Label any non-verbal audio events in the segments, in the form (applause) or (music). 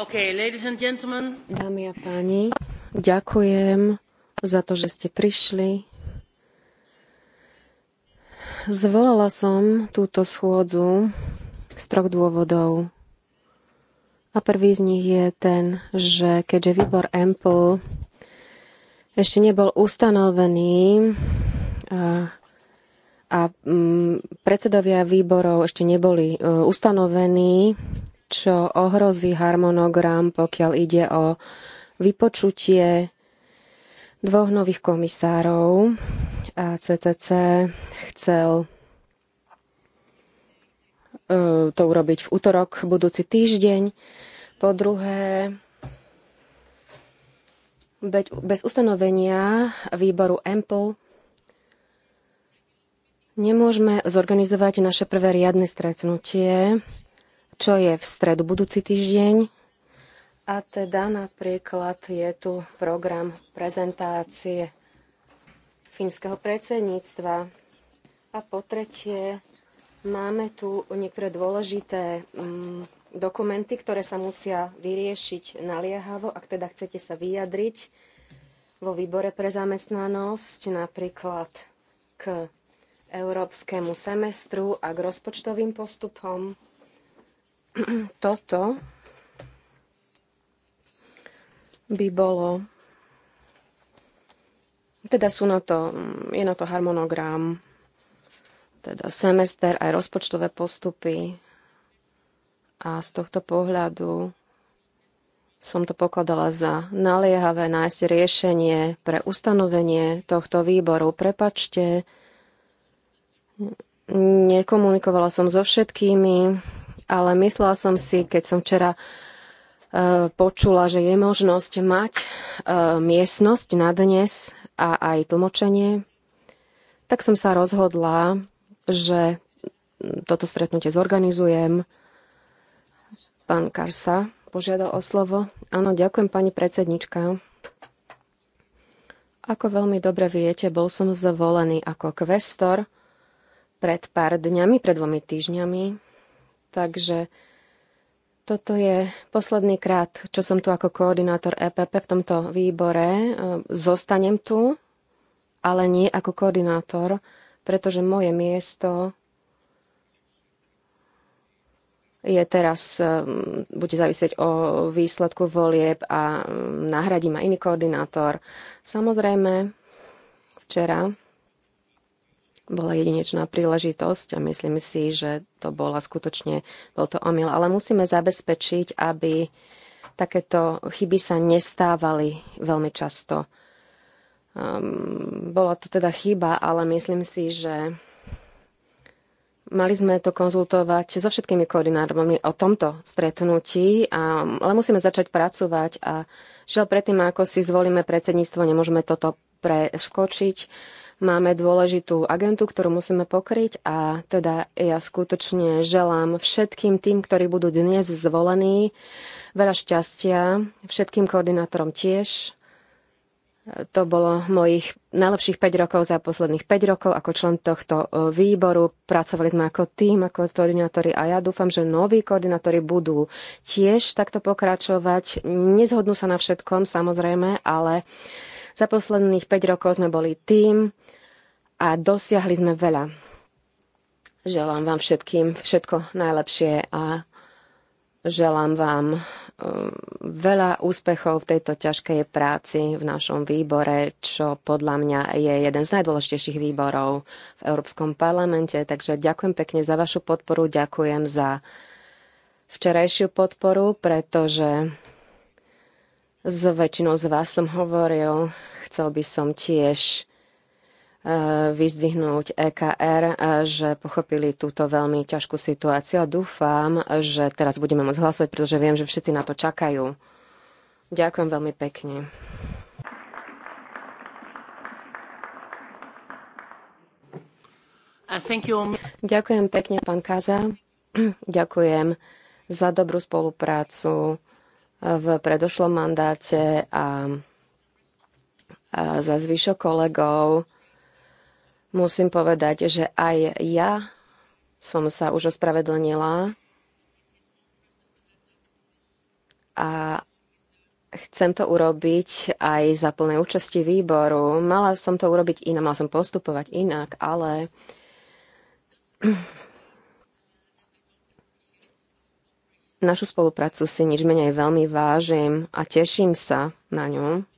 Dámy a páni, ďakujem za to, že ste prišli. Zvolala som túto schôdzu z troch dôvodov. A prvý z nich je ten, že keďže výbor EMPL ešte nebol ustanovený a, a m, mm, predsedovia výborov ešte neboli uh, ustanovení, čo ohrozí harmonogram, pokiaľ ide o vypočutie dvoch nových komisárov. A CCC chcel e, to urobiť v útorok, budúci týždeň. Po druhé, bez ustanovenia výboru EMPL nemôžeme zorganizovať naše prvé riadne stretnutie čo je v stredu budúci týždeň. A teda napríklad je tu program prezentácie fínskeho predsedníctva. A po tretie, máme tu niektoré dôležité mm, dokumenty, ktoré sa musia vyriešiť naliehavo, ak teda chcete sa vyjadriť vo výbore pre zamestnanosť, napríklad k európskemu semestru a k rozpočtovým postupom. (clears throat) toto by bolo teda sú na to, je na to harmonogram, teda semester, aj rozpočtové postupy. A z tohto pohľadu som to pokladala za naliehavé nájsť riešenie pre ustanovenie tohto výboru. Prepačte, nekomunikovala som so všetkými, ale myslela som si, keď som včera e, počula, že je možnosť mať e, miestnosť na dnes a aj tlmočenie, tak som sa rozhodla, že toto stretnutie zorganizujem. Pán Karsa požiadal o slovo. Áno, ďakujem pani predsednička. Ako veľmi dobre viete, bol som zvolený ako kvestor pred pár dňami, pred dvomi týždňami Takže toto je posledný krát, čo som tu ako koordinátor EPP v tomto výbore. E, zostanem tu, ale nie ako koordinátor, pretože moje miesto je teraz, e, bude závisieť o výsledku volieb a e, nahradí ma iný koordinátor. Samozrejme, včera bola jedinečná príležitosť a myslím si, že to bola skutočne, bol to omyl. Ale musíme zabezpečiť, aby takéto chyby sa nestávali veľmi často. Um, bola to teda chyba, ale myslím si, že mali sme to konzultovať so všetkými koordinátormi o tomto stretnutí, a, ehm, ale musíme začať pracovať a žiaľ predtým, ako si zvolíme predsedníctvo, nemôžeme toto preskočiť Máme dôležitú agentu, ktorú musíme pokryť a teda ja skutočne želám všetkým tým, ktorí budú dnes zvolení, veľa šťastia, všetkým koordinátorom tiež. To bolo mojich najlepších 5 rokov za posledných 5 rokov ako člen tohto e, výboru. Pracovali sme ako tým, ako koordinátori a ja dúfam, že noví koordinátori budú tiež takto pokračovať. Nezhodnú sa na všetkom, samozrejme, ale uh, za posledných 5 rokov sme boli tým a dosiahli sme veľa. Želám vám všetkým všetko najlepšie a želám vám um, veľa úspechov v tejto ťažkej práci v našom výbore, čo podľa mňa je jeden z najdôležitejších výborov v Európskom parlamente. Takže ďakujem pekne za vašu podporu, ďakujem za včerajšiu podporu, pretože s väčšinou z vás som hovoril, chcel by som tiež e, vyzdvihnúť EKR, e, že pochopili túto veľmi ťažkú situáciu a dúfam, že teraz budeme môcť hlasovať, pretože viem, že všetci na to čakajú. Ďakujem veľmi pekne. Uh, Ďakujem pekne, pán Kaza. (clears throat) Ďakujem za dobrú spoluprácu v predošlom mandáte a, a za zvyšok kolegov musím povedať, že aj ja som sa už ospravedlnila a chcem to urobiť aj za plné účasti výboru. Mala som to urobiť inak, mala som postupovať inak, ale Našu spoluprácu si nič menej veľmi vážim a teším sa na ňu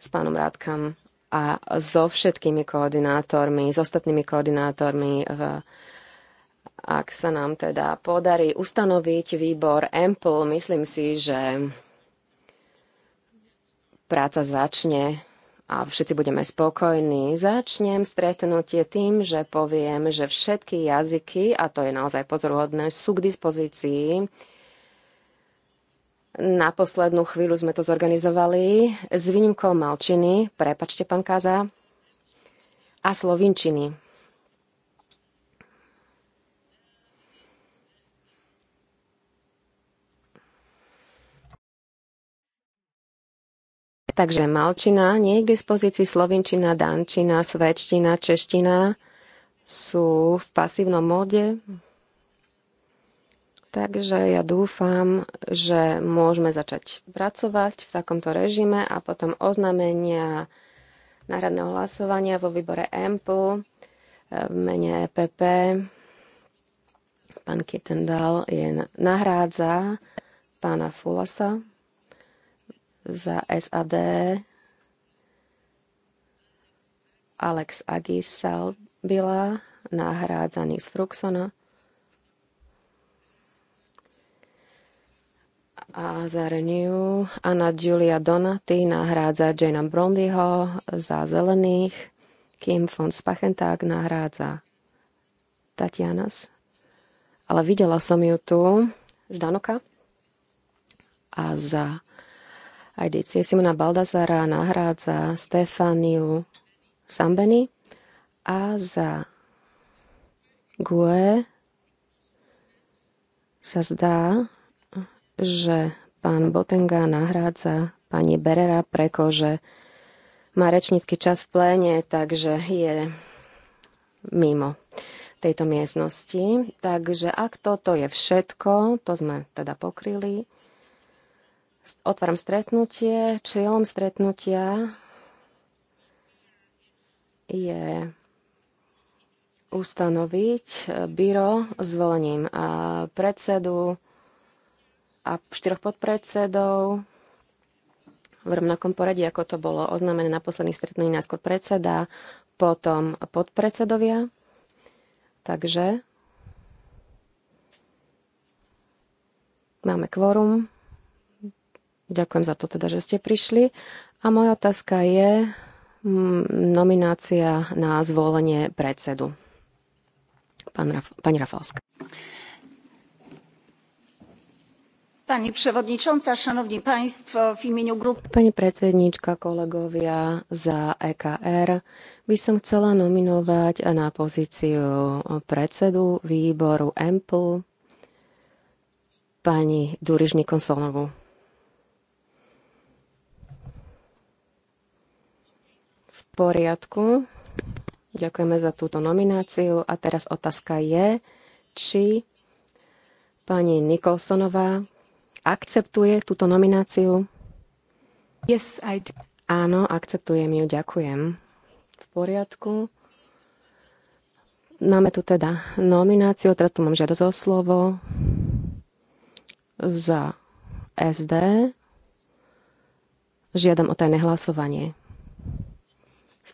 s pánom Rádkam a so všetkými koordinátormi, s ostatnými koordinátormi v ak sa nám teda podarí ustanoviť výbor EMPL, myslím si, že práca začne a všetci budeme spokojní. Začnem stretnutie tým, že poviem, že všetky jazyky, a to je naozaj pozoruhodné, sú k dispozícii. Na poslednú chvíľu sme to zorganizovali s výnimkou malčiny, prepačte pán Kaza, a slovinčiny. takže malčina nie je k dispozícii, slovinčina, dančina, svedčina, čeština sú v pasívnom móde. Takže ja dúfam, že môžeme začať pracovať v takomto režime a potom oznámenia náhradného hlasovania vo výbore EMPu. v mene EPP. Pán Kittendal je nahrádza pána Fulasa za SAD Alex Agisal byla nahrádzaný z Fruxona. a za Renew. Anna Julia Donaty nahrádza Jana Brondyho za Zelených. Kim von Spachenták nahrádza Tatianas. Ale videla som ju tu, Ždanoka. A za dicie Simona Baldazara nahrádza Stefaniu Sambeni a za Gue sa zdá, že pán Botenga nahrádza pani Berera, pretože má rečnícky čas v pléne, takže je mimo tejto miestnosti. Takže ak toto je všetko, to sme teda pokryli, Otváram stretnutie. Cieľom stretnutia je ustanoviť byro zvolením a predsedu a štyroch podpredsedov v rovnakom poradí, ako to bolo oznámené na posledných stretnutí, najskôr predseda, potom podpredsedovia. Takže máme kvorum. Ďakujem za to teda, že ste prišli. A moja otázka je mm, nominácia na zvolenie predsedu. Pán Raf- pani Rafalska. Pani przewodnicząca, szanowni państwo, w imieniu grupy... Pani predsedníčka, kolegovia za EKR by som chcela nominovať na pozíciu predsedu výboru EMPL pani Durižnikonsolnovú. poriadku. Ďakujeme za túto nomináciu. A teraz otázka je, či pani Nikolsonová akceptuje túto nomináciu? Yes, I do. Áno, akceptujem ju, ďakujem. V poriadku. Máme tu teda nomináciu, teraz tu mám žiadosť o slovo za SD. Žiadam o tajné hlasovanie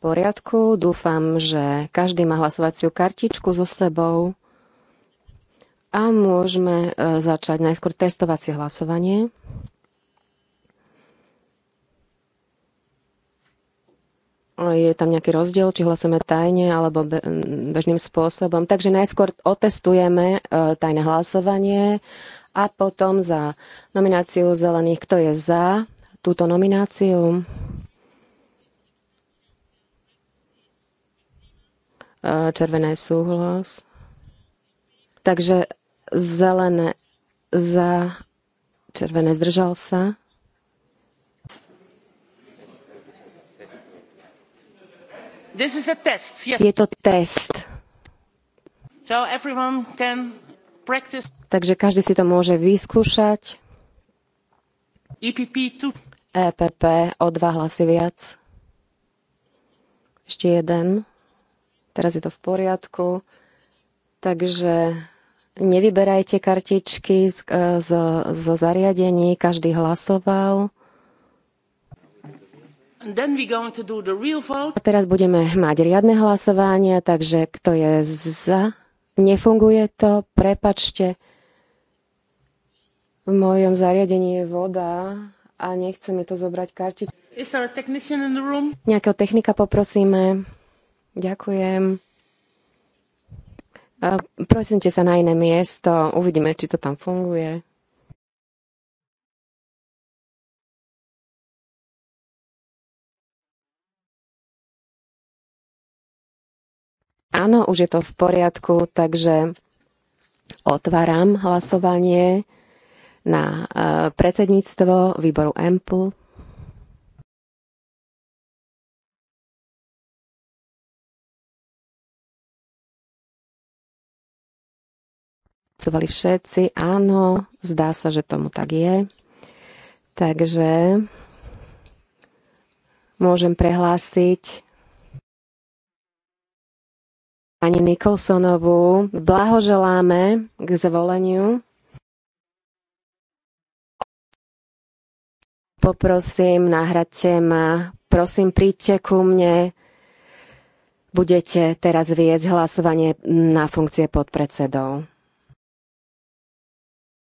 poriadku. Dúfam, že každý má hlasovaciu kartičku so sebou. A môžeme e, začať najskôr testovacie hlasovanie. je tam nejaký rozdiel, či hlasujeme tajne alebo bežným spôsobom. Takže najskôr otestujeme e, tajné hlasovanie a potom za nomináciu zelených, kto je za túto nomináciu. Eh, červené súhlas. Takže zelené za, červené zdržal sa. This is a test, yes. Je to test. So everyone can practice. Takže každý si to môže vyskúšať. EPP, EPP e o dva hlasy viac. Ešte jeden teraz je to v poriadku. Takže nevyberajte kartičky e, zo, zariadení, každý hlasoval. A teraz budeme mať riadne hlasovanie, takže kto je za, nefunguje to, prepačte. V mojom zariadení je voda a nechce mi to zobrať kartičku. Nejakého technika poprosíme. Ďakujem. Prosím sa na iné miesto, uvidíme, či to tam funguje. Áno, už je to v poriadku, takže otváram hlasovanie na e, predsedníctvo výboru EMPL. pracovali všetci, áno, zdá sa, že tomu tak je. Takže môžem prehlásiť pani Nikolsonovú. Blahoželáme k zvoleniu. Poprosím, nahradte ma. Prosím, príďte ku mne. Budete teraz viesť hlasovanie na funkcie podpredsedov.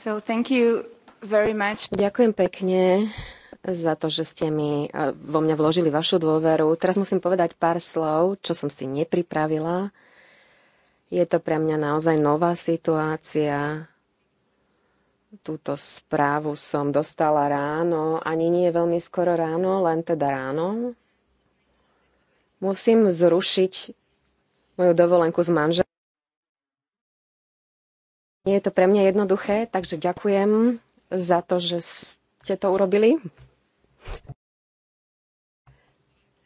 So thank you very much. Ďakujem pekne za to, že ste mi e, vo mňa vložili vašu dôveru. Teraz musím povedať pár slov, čo som si nepripravila. Je to pre mňa naozaj nová situácia. Túto správu som dostala ráno, ani nie veľmi skoro ráno, len teda ráno. Musím zrušiť moju dovolenku s manželom. Nie je to pre mňa jednoduché, takže ďakujem za to, že ste to urobili.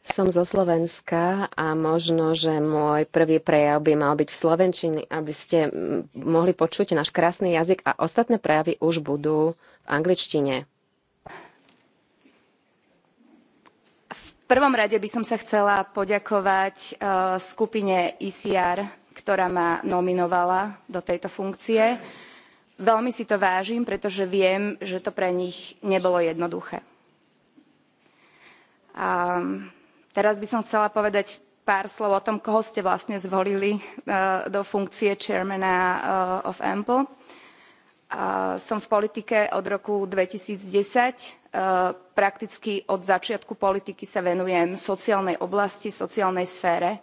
Som zo Slovenska a možno, že môj prvý prejav by mal byť v Slovenčine, aby ste mohli počuť náš krásny jazyk a ostatné prejavy už budú v angličtine. V prvom rade by som sa chcela poďakovať eh, skupine ICR e ktorá ma nominovala do tejto funkcie. Veľmi si to vážim, pretože viem, že to pre nich nebolo jednoduché. A teraz by som chcela povedať pár slov o tom, koho ste vlastne zvolili e, do funkcie chairmana e, of Ample. E, som v politike od roku 2010. Prakticky od začiatku politiky sa venujem sociálnej oblasti, sociálnej sfére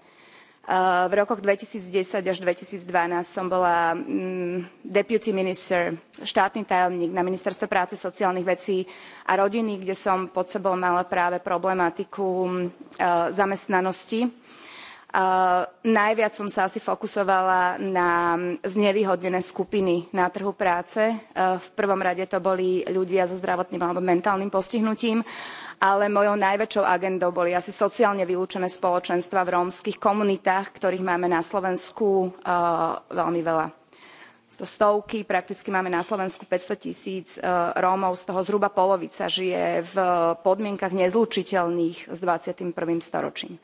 v rokoch 2010 až 2012 som bola mm, deputy minister, štátny tajomník na Ministerstve práce, sociálnych vecí a rodiny, kde som pod sebou mala práve problematiku mm, zamestnanosti Uh, najviac som sa asi fokusovala na mm, znevýhodnené skupiny na trhu práce. Uh, v prvom rade to boli ľudia so zdravotným alebo mentálnym postihnutím, ale mojou najväčšou agendou boli asi sociálne vylúčené spoločenstva v rómskych komunitách, ktorých máme na Slovensku uh, veľmi veľa stovky, prakticky máme na Slovensku 500 tisíc Rómov, z toho zhruba polovica žije v podmienkach nezlučiteľných s 21. storočím.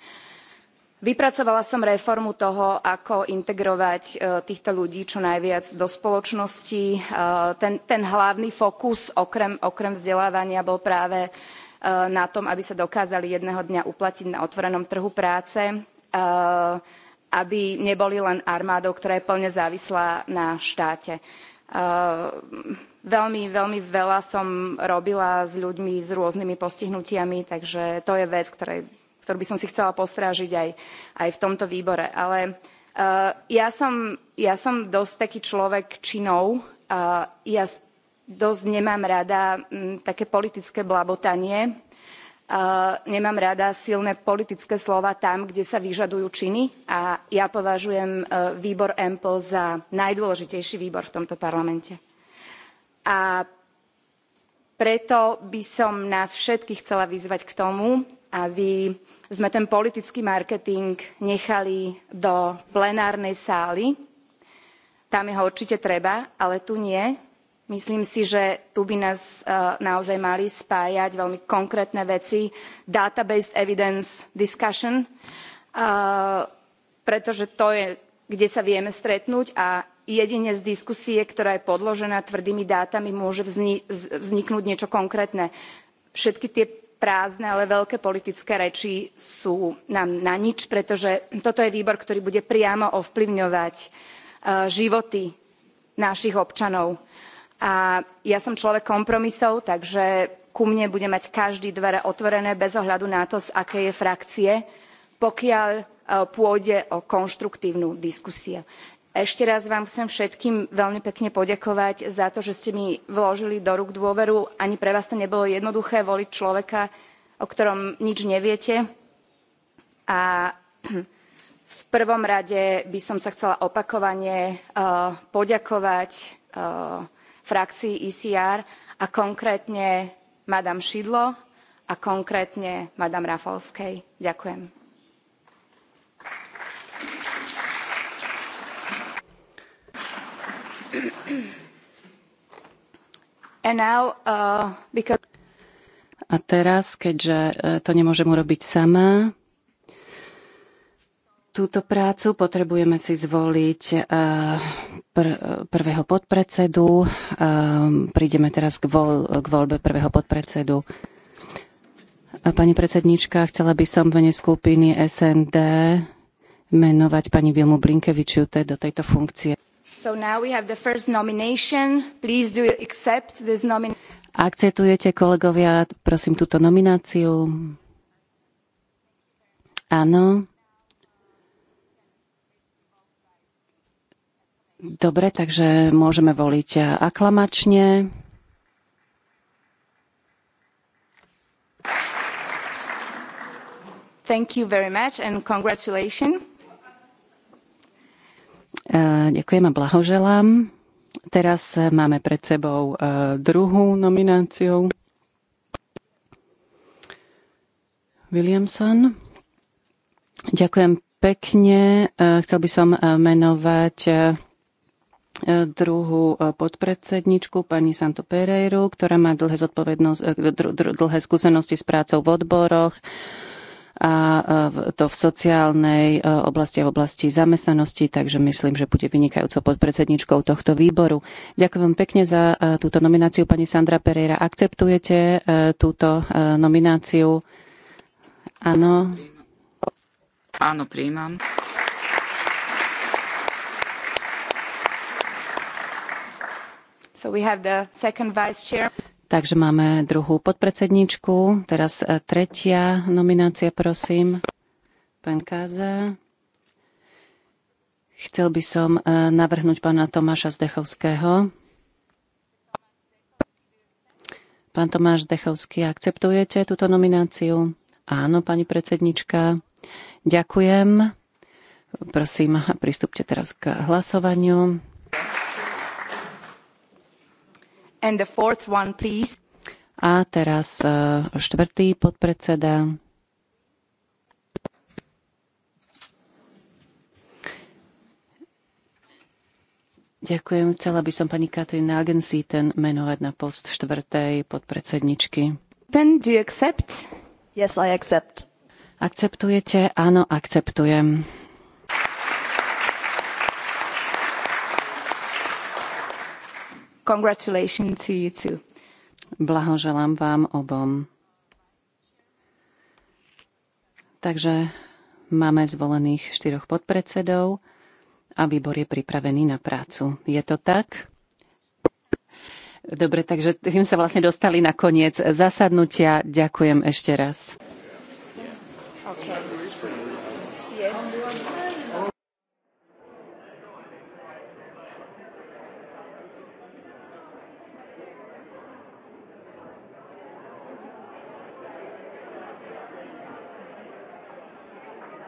Vypracovala som reformu toho, ako integrovať e, týchto ľudí čo najviac do spoločnosti. E, ten, ten hlavný fokus okrem, okrem vzdelávania bol práve e, na tom, aby sa dokázali jedného dňa uplatiť na otvorenom trhu práce, aby neboli len armádou, ktorá je plne závislá na štáte. Veľmi, veľmi veľa som robila s ľuďmi s rôznymi postihnutiami, takže to je vec, ktorej ktorú by som si chcela postrážiť aj, aj v tomto výbore. Ale uh, ja, som, ja som dosť taký človek činov. Uh, ja dosť nemám rada m, mm, také politické blabotanie. Uh, nemám rada silné politické slova tam, kde sa vyžadujú činy a ja považujem uh, výbor EMPL za najdôležitejší výbor v tomto parlamente. A preto by som nás všetkých chcela vyzvať k tomu, aby sme ten politický marketing nechali do plenárnej sály. Tam je ho určite treba, ale tu nie. Myslím si, že tu by nás e, naozaj mali spájať veľmi konkrétne veci. Data-based evidence discussion, e, pretože to je, kde sa vieme stretnúť a jedine z diskusie, ktorá je podložená tvrdými dátami, môže vzniknúť niečo konkrétne. Všetky tie prázdne, ale veľké politické reči sú nám na nič, pretože toto je výbor, ktorý bude priamo ovplyvňovať e, životy našich občanov. A ja som človek kompromisov, takže ku mne bude mať každý dvere otvorené bez ohľadu na to, z akej je frakcie, pokiaľ e, pôjde o konštruktívnu diskusiu ešte raz vám chcem všetkým veľmi pekne poďakovať za to, že ste mi vložili do rúk dôveru. Ani pre vás to nebolo jednoduché voliť človeka, o ktorom nič neviete. A (clears throat) v prvom rade by som sa chcela opakovane e, poďakovať e, frakcii ECR a konkrétne madam Šidlo a konkrétne madam Rafalskej. Ďakujem. Uh, A teraz, keďže e, to nemôžem urobiť sama, túto prácu potrebujeme si zvoliť e, pr- prvého podpredsedu. E, prídeme teraz k, voľ, k voľbe prvého podpredsedu. A pani predsednička, chcela by som v mene skupiny SND menovať pani Vilmu Blinkevičiu do tejto funkcie. So now we have the first nomination. Please do accept this nomination? Akceptujete, kolegovia, prosím, túto nomináciu? Áno. Dobre, takže môžeme voliť aklamačne. Thank you very much and congratulations. Eh, ďakujem a blahoželám. Teraz eh, máme pred sebou eh, druhú nomináciu. Williamson. Ďakujem pekne. Chcel by som menovať druhú podpredsedničku, pani Santo Pereiru, ktorá má dlhé, dlhé skúsenosti s prácou v odboroch a to v sociálnej e, oblasti a v oblasti zamestnanosti, takže myslím, že bude vynikajúco predsedničkou tohto výboru. Ďakujem vám pekne za e, túto nomináciu. Pani Sandra Pereira, akceptujete e, túto nomináciu? Áno. Áno, príjmam. So we have the second vice chair. Takže máme druhú podpredsedničku. Teraz e, tretia nominácia, prosím. Pán Káza. Chcel by som e, navrhnúť pána Tomáša Zdechovského. Pán Tomáš Zdechovský, akceptujete túto nomináciu? Áno, pani predsednička. Ďakujem. Prosím, pristúpte teraz k hlasovaniu. And the fourth one, please. A teraz e, štvrtý podpredseda. Ďakujem. Chcela by som pani Katrin Agensíten menovať na post štvrtej podpredsedničky. Ben, do you accept? Yes, I accept. Akceptujete? Áno, akceptujem. Congratulations to you too. Blahoželám vám obom. Takže máme zvolených štyroch podpredsedov a výbor je pripravený na prácu. Je to tak? Dobre, takže tým sa vlastne dostali na koniec zasadnutia. Ďakujem ešte raz.